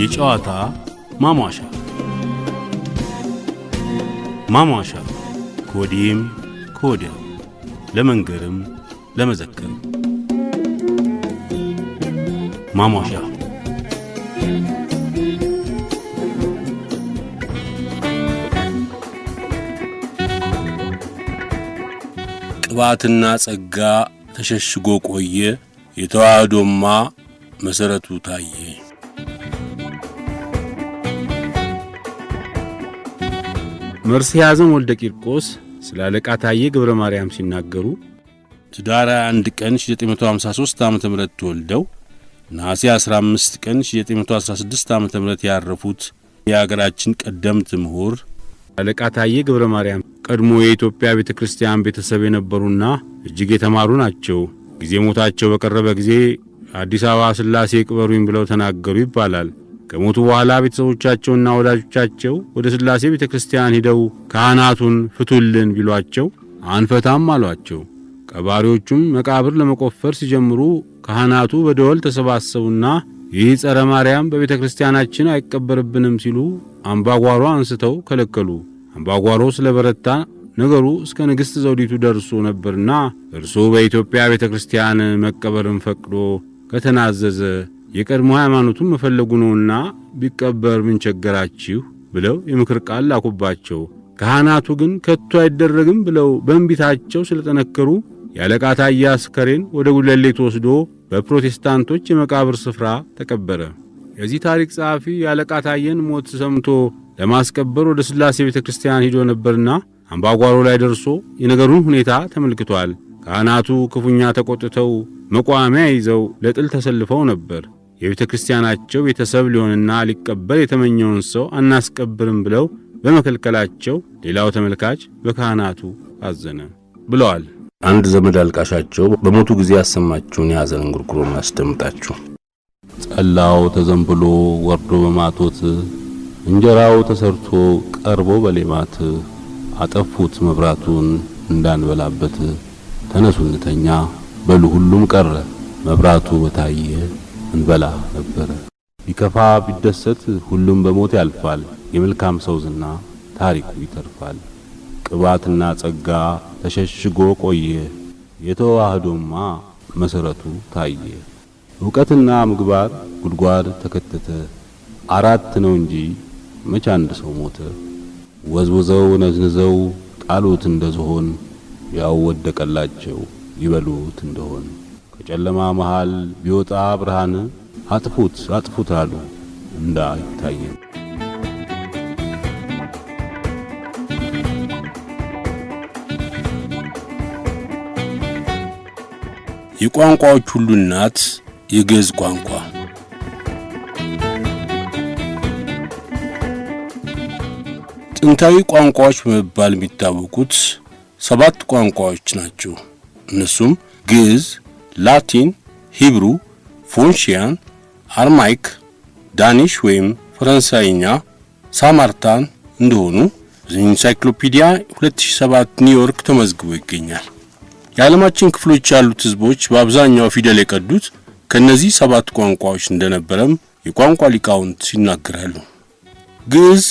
የጨዋታ ማሟሻ ማሟሻ ከወዲህም ከወዲያው ለመንገርም ለመዘከርም ማሟሻ ቅባትና ጸጋ ተሸሽጎ ቆየ። የተዋህዶማ መሠረቱ ታየ። መርስዔያዘን ወልደ ቂርቆስ ስለ አለቃ ታዬ ገብረ ማርያም ሲናገሩ ትዳር 21 ቀን 1953 ዓ ም ተወልደው ነሐሴ 15 ቀን 1916 ዓ ም ያረፉት የአገራችን ቀደምት ምሁር አለቃ ታዬ ገብረ ማርያም ቀድሞ የኢትዮጵያ ቤተ ክርስቲያን ቤተሰብ የነበሩና እጅግ የተማሩ ናቸው። ጊዜ ሞታቸው በቀረበ ጊዜ አዲስ አበባ ሥላሴ ቅበሩኝ ብለው ተናገሩ ይባላል። ከሞቱ በኋላ ቤተሰቦቻቸውና ወዳጆቻቸው ወደ ሥላሴ ቤተ ክርስቲያን ሂደው ካህናቱን ፍቱልን ቢሏቸው አንፈታም አሏቸው። ቀባሪዎቹም መቃብር ለመቆፈር ሲጀምሩ ካህናቱ በደወል ተሰባሰቡና ይህ ጸረ ማርያም በቤተ ክርስቲያናችን አይቀበርብንም ሲሉ አምባጓሮ አንስተው ከለከሉ። አምባጓሮ ስለበረታ ነገሩ እስከ ንግሥት ዘውዲቱ ደርሶ ነበርና እርሱ በኢትዮጵያ ቤተ ክርስቲያን መቀበርን ፈቅዶ ከተናዘዘ የቀድሞ ሃይማኖቱን መፈለጉ ነውና ቢቀበር ምን ቸገራችሁ ብለው የምክር ቃል ላኩባቸው። ካህናቱ ግን ከቶ አይደረግም ብለው በእንቢታቸው ስለጠነከሩ ያለቃ ታዬ አስከሬን ወደ ጉለሌ ተወስዶ በፕሮቴስታንቶች የመቃብር ስፍራ ተቀበረ። የዚህ ታሪክ ጸሐፊ የአለቃ ታየን ሞት ሰምቶ ለማስቀበር ወደ ሥላሴ ቤተ ክርስቲያን ሂዶ ነበርና አምባጓሮ ላይ ደርሶ የነገሩን ሁኔታ ተመልክቷል። ካህናቱ ክፉኛ ተቆጥተው መቋሚያ ይዘው ለጥል ተሰልፈው ነበር። የቤተ ክርስቲያናቸው ቤተሰብ ሊሆንና ሊቀበል የተመኘውን ሰው አናስቀብርም ብለው በመከልከላቸው ሌላው ተመልካች በካህናቱ አዘነ ብለዋል። አንድ ዘመድ አልቃሻቸው በሞቱ ጊዜ ያሰማችሁን የሐዘን እንጉርጉሮ አስደምጣችሁ ጠላው ተዘንብሎ ወርዶ በማቶት እንጀራው ተሰርቶ ቀርቦ በሌማት አጠፉት መብራቱን እንዳንበላበት ተነሱ እንተኛ በሉ ሁሉም ቀረ መብራቱ በታየ እንበላ ነበረ። ቢከፋ ቢደሰት ሁሉም በሞት ያልፋል። የመልካም ሰው ዝና ታሪኩ ይተርፋል። ቅባትና ጸጋ ተሸሽጎ ቆየ የተዋህዶማ መሰረቱ ታየ። እውቀትና ምግባር ጉድጓድ ተከተተ አራት ነው እንጂ መቼ አንድ ሰው ሞተ። ወዝውዘው ነዝንዘው ጣሉት እንደ ዝሆን ያው ወደቀላቸው ይበሉት እንደሆን ከጨለማ መሃል ቢወጣ ብርሃን አጥፉት አጥፉት አሉ እንዳይታየን የቋንቋዎች ሁሉ እናት የግዕዝ ቋንቋ ጥንታዊ ቋንቋዎች በመባል የሚታወቁት ሰባት ቋንቋዎች ናቸው። እነሱም ግዕዝ፣ ላቲን፣ ሂብሩ፣ ፎንሺያን፣ አርማይክ፣ ዳኒሽ ወይም ፈረንሳይኛ፣ ሳማርታን እንደሆኑ ኢንሳይክሎፒዲያ 2007 ኒውዮርክ ተመዝግቦ ይገኛል። የዓለማችን ክፍሎች ያሉት ህዝቦች በአብዛኛው ፊደል የቀዱት ከነዚህ ሰባት ቋንቋዎች እንደነበረም የቋንቋ ሊቃውንት ይናገራሉ። ግዕዝ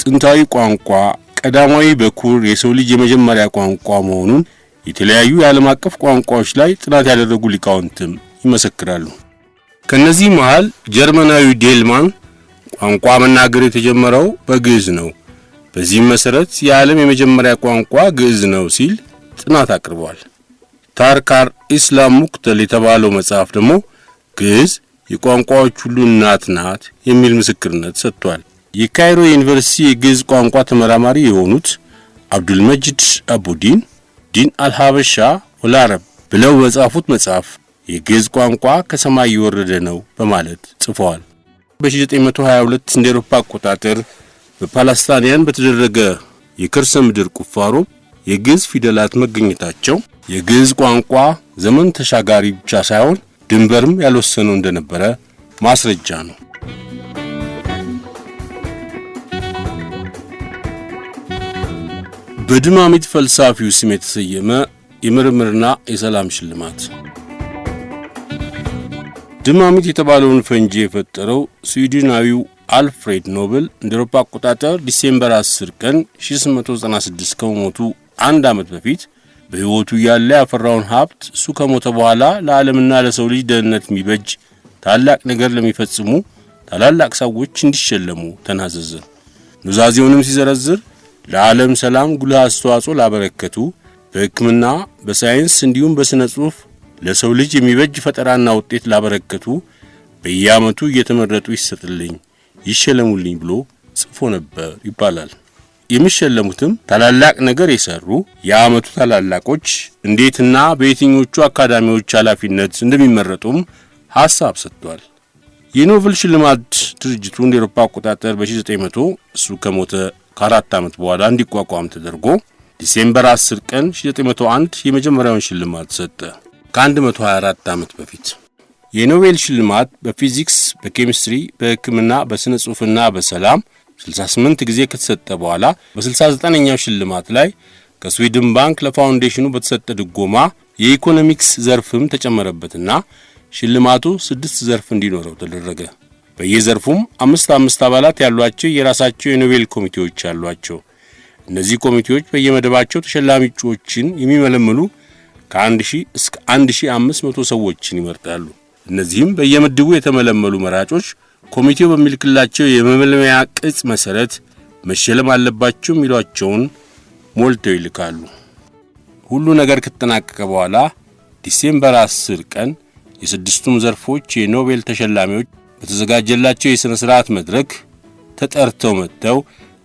ጥንታዊ ቋንቋ፣ ቀዳማዊ በኩር የሰው ልጅ የመጀመሪያ ቋንቋ መሆኑን የተለያዩ የዓለም አቀፍ ቋንቋዎች ላይ ጥናት ያደረጉ ሊቃውንትም ይመሰክራሉ። ከነዚህ መሃል ጀርመናዊ ዴልማን ቋንቋ መናገር የተጀመረው በግዕዝ ነው፣ በዚህም መሰረት የዓለም የመጀመሪያ ቋንቋ ግዕዝ ነው ሲል ጥናት አቅርቧል። ታርካር ኢስላም ሙክተል የተባለው መጽሐፍ ደግሞ ግዕዝ የቋንቋዎች ሁሉ እናት ናት የሚል ምስክርነት ሰጥቷል። የካይሮ ዩኒቨርሲቲ የግዕዝ ቋንቋ ተመራማሪ የሆኑት አብዱልመጅድ አቡዲን ዲን አልሀበሻ ወላረብ ብለው በጻፉት መጽሐፍ የግዕዝ ቋንቋ ከሰማይ የወረደ ነው በማለት ጽፈዋል። በ1922 እንደ ኤሮፓ አቆጣጠር በፓለስታንያን በተደረገ የከርሰ ምድር ቁፋሮ የግዕዝ ፊደላት መገኘታቸው የግዕዝ ቋንቋ ዘመን ተሻጋሪ ብቻ ሳይሆን ድንበርም ያልወሰነው እንደነበረ ማስረጃ ነው። በድማሚት ፈልሳፊው ስም የተሰየመ የምርምርና የሰላም ሽልማት ድማሚት የተባለውን ፈንጂ የፈጠረው ስዊድናዊው አልፍሬድ ኖብል እንደ አውሮፓ አቆጣጠር ዲሴምበር 10 ቀን 1896 ከመሞቱ አንድ ዓመት በፊት በሕይወቱ እያለ ያፈራውን ሀብት እሱ ከሞተ በኋላ ለዓለምና ለሰው ልጅ ደህንነት የሚበጅ ታላቅ ነገር ለሚፈጽሙ ታላላቅ ሰዎች እንዲሸለሙ ተናዘዘ። ኑዛዜውንም ሲዘረዝር ለዓለም ሰላም ጉልህ አስተዋጽኦ ላበረከቱ በሕክምና፣ በሳይንስ እንዲሁም በሥነ ጽሑፍ ለሰው ልጅ የሚበጅ ፈጠራና ውጤት ላበረከቱ በየዓመቱ እየተመረጡ ይሰጥልኝ ይሸለሙልኝ ብሎ ጽፎ ነበር ይባላል። የሚሸለሙትም ታላላቅ ነገር የሰሩ የአመቱ ታላላቆች እንዴትና በየትኞቹ አካዳሚዎች ኃላፊነት እንደሚመረጡም ሐሳብ ሰጥቷል። የኖቨል ሽልማት ድርጅቱ እንደ ኤሮፓ አቆጣጠር በ1900 እሱ ከሞተ ከአራት ዓመት በኋላ እንዲቋቋም ተደርጎ ዲሴምበር 10 ቀን 1901 የመጀመሪያውን ሽልማት ሰጠ። ከ124 ዓመት በፊት የኖቤል ሽልማት በፊዚክስ፣ በኬሚስትሪ፣ በሕክምና፣ በሥነ ጽሑፍና በሰላም 68 ጊዜ ከተሰጠ በኋላ በ69ኛው ሽልማት ላይ ከስዊድን ባንክ ለፋውንዴሽኑ በተሰጠ ድጎማ የኢኮኖሚክስ ዘርፍም ተጨመረበትና ሽልማቱ ስድስት ዘርፍ እንዲኖረው ተደረገ። በየዘርፉም አምስት አምስት አባላት ያሏቸው የራሳቸው የኖቤል ኮሚቴዎች አሏቸው። እነዚህ ኮሚቴዎች በየመደባቸው ተሸላሚ እጩዎችን የሚመለምሉ ከ1000 እስከ 1500 ሰዎችን ይመርጣሉ። እነዚህም በየምድቡ የተመለመሉ መራጮች ኮሚቴው በሚልክላቸው የመመልመያ ቅጽ መሰረት መሸለም አለባቸው የሚሏቸውን ሞልተው ይልካሉ። ሁሉ ነገር ከተጠናቀቀ በኋላ ዲሴምበር 10 ቀን የስድስቱም ዘርፎች የኖቤል ተሸላሚዎች በተዘጋጀላቸው የሥነ ሥርዓት መድረክ ተጠርተው መጥተው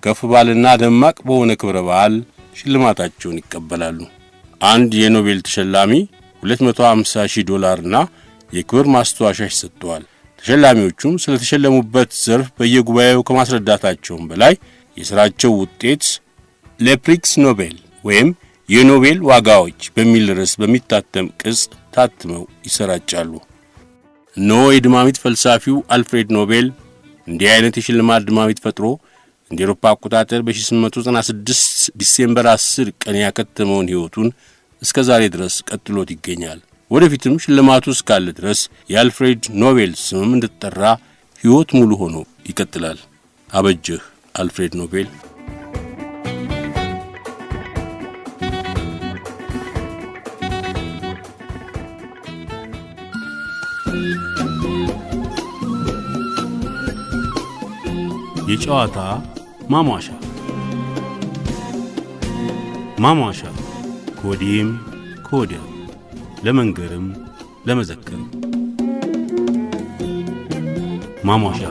ከፍ ባልና ደማቅ በሆነ ክብረ በዓል ሽልማታቸውን ይቀበላሉ። አንድ የኖቤል ተሸላሚ 250 ሺህ ዶላርና የክብር ማስታወሻ ሰጥተዋል። ተሸላሚዎቹም ስለተሸለሙበት ዘርፍ በየጉባኤው ከማስረዳታቸውም በላይ የሥራቸው ውጤት ለፕሪክስ ኖቤል ወይም የኖቤል ዋጋዎች በሚል ርዕስ በሚታተም ቅጽ ታትመው ይሰራጫሉ። እነሆ የድማሚት ፈልሳፊው አልፍሬድ ኖቤል እንዲህ አይነት የሽልማት ድማሚት ፈጥሮ እንደ ኤሮፓ አቆጣጠር በ1896 ዲሴምበር 10 ቀን ያከተመውን ሕይወቱን እስከ ዛሬ ድረስ ቀጥሎት ይገኛል። ወደፊትም ሽልማቱ እስካለ ድረስ የአልፍሬድ ኖቤል ስምም እንድትጠራ ሕይወት ሙሉ ሆኖ ይቀጥላል። አበጀህ አልፍሬድ ኖቤል። የጨዋታ ማሟሻ ማሟሻ ኮዲም ኮዲያ ለመንገርም ለመዘከርም ማሟሻ